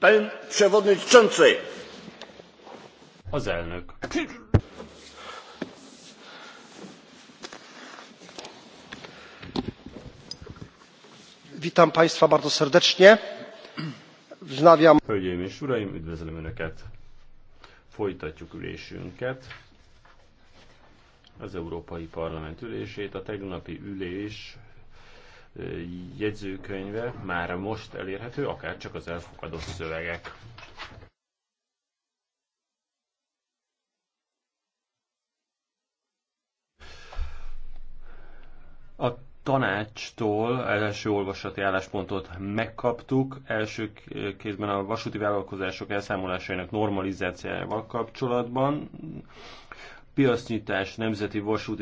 Pán przewodniczący! Az elnök. Witam Państwa bardzo serdecznie. Wznawiam. Hölgyeim és Uraim, üdvözlöm Önöket! Folytatjuk ülésünket az Európai Parlament ülését. A tegnapi ülés jegyzőkönyve már most elérhető, akár csak az elfogadott szövegek. A tanácstól első olvasati álláspontot megkaptuk, első kézben a vasúti vállalkozások elszámolásainak normalizációjával kapcsolatban, piacnyitás, nemzeti vasúti